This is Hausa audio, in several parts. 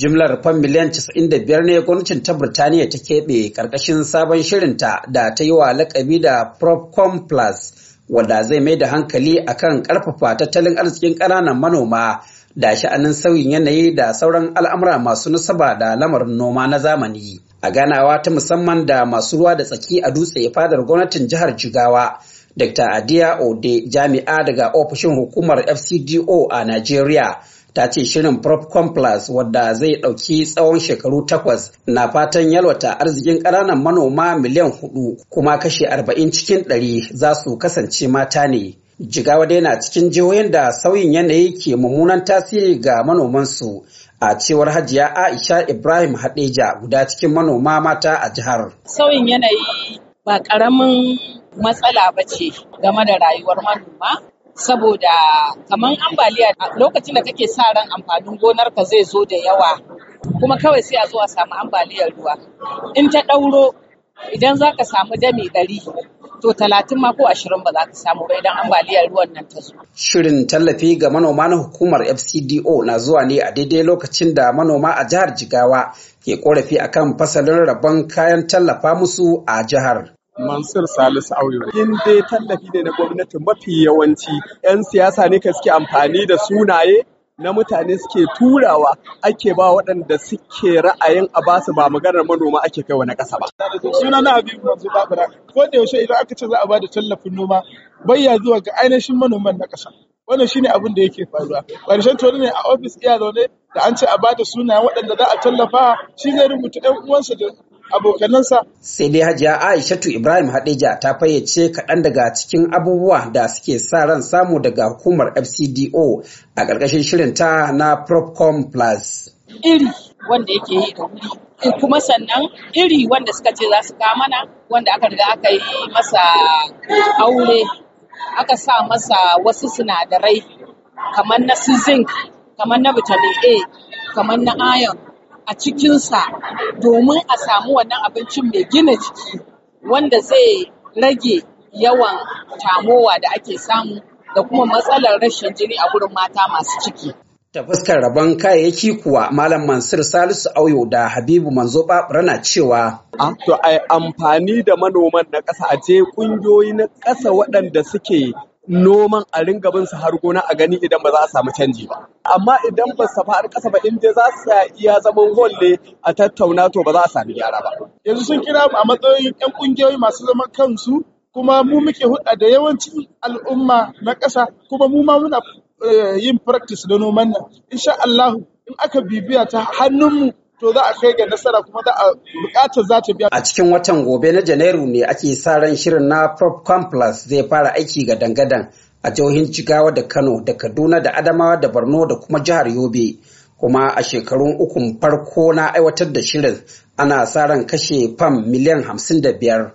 Jimlar fan miliyan 95 ne gwamnatin ta Birtaniya ta keɓe ƙarƙashin sabon shirinta da ta yi wa lakabi da Propcom Plus wanda zai mai da hankali akan ƙarfafa tattalin arzikin ƙananan manoma da sha'anin sauyin yanayi da sauran al'amura masu nasaba da lamarin noma na zamani. A ganawa ta musamman da masu ruwa da tsaki a dutse fadar gwamnatin jihar Jigawa, Dr. Adia Ode jami'a daga ofishin hukumar FCDO a Najeriya. ta ce shirin Profcom Plus wadda zai ɗauki tsawon shekaru takwas na fatan yalwata arzikin ƙananan manoma miliyan hudu kuma kashe arba'in cikin ɗari za su kasance mata ne. Jigawa dai na cikin jihohin da sauyin yanayi ke mummunan tasiri ga manomansu a cewar hajiya Aisha Ibrahim Hadeja guda cikin manoma mata a jihar. Sauyin yanayi ba ƙaramin matsala ba ce game da rayuwar manoma saboda kamar ambaliya lokacin da kake sa ran amfanin gonarka zai zo da yawa kuma kawai sai a zo a samu ambaliyar ruwa in ta ɗauro idan za ka samu dami ɗari to talatin ma ko ashirin ba za ka samu ba idan ambaliyar ruwan nan ta zo. Shirin tallafi ga manoma na hukumar FCDO na zuwa ne a daidai lokacin da manoma a jihar Jigawa ke korafi akan fasalin rabon kayan tallafa musu a jihar. Mansur Salisu Aure. In dai tallafi ne na gwamnati mafi yawanci 'yan siyasa ne ka suke amfani da sunaye na mutane suke turawa ake ba waɗanda suke ra'ayin a basu ba maganar manoma ake kai wani ƙasa ba. Suna na abin Mansur Babura. Ko da yaushe idan aka ce za a ba da tallafin noma bayya zuwa ga ainihin manoman na ƙasa. wannan shine abin da yake faruwa ƙarshen tori ne a ofis iya zaune da an ce a ba da suna waɗanda za a tallafa shi zai rubuta ɗan uwansa da abokanansa. Sai dai Hajiya Aishatu Ibrahim Hadeja ta fayyace kaɗan daga cikin abubuwa da suke sa ran samu daga hukumar FCDO a ƙarƙashin shirinta na Propcom Plus. Iri wanda yake yi da wuri kuma sannan iri wanda suka ce za su mana wanda aka riga aka yi masa aure aka sa masa wasu sinadarai kamar na su zinc kamar na vitamin A kamar na iron a cikinsa domin a samu wannan abincin mai gina jiki wanda zai rage yawan tamowa da ake samu da kuma matsalar rashin jini a gurin mata masu ciki. Ta fuskar rabon kayayyaki kuwa Malam Mansur Salisu Auyo da Habibu Manzo Babura na cewa. To ai amfani da manoman na ƙasa a je ƙungiyoyi na ƙasa waɗanda suke noman a ringa bin su har gona a gani idan ba za a samu canji ba amma idan ba su har kasa ba in dai za su iya zaman holle a tattauna to ba za a sami gyara ba yanzu sun kira a matsayin yan kungiyoyi masu zaman kansu kuma mu muke hudda da yawancin al'umma na ƙasa kuma mu ma muna eh, yin practice na noman nan insha Allah in aka bibiya ta hannunmu to za a kai ga nasara kuma za a bukatar za ta biya. A cikin watan gobe na Janairu ne ake sa ran shirin na Propcom Plus zai fara aiki ga dangadan a jihohin Jigawa da Kano da Kaduna da Adamawa da Borno da kuma jihar Yobe. Kuma a shekarun ukun farko na aiwatar da shirin ana sa ran kashe fam miliyan hamsin da biyar.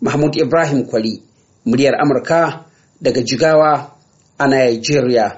Mahmud Ibrahim Kwari, muryar Amurka daga Jigawa a Nigeria.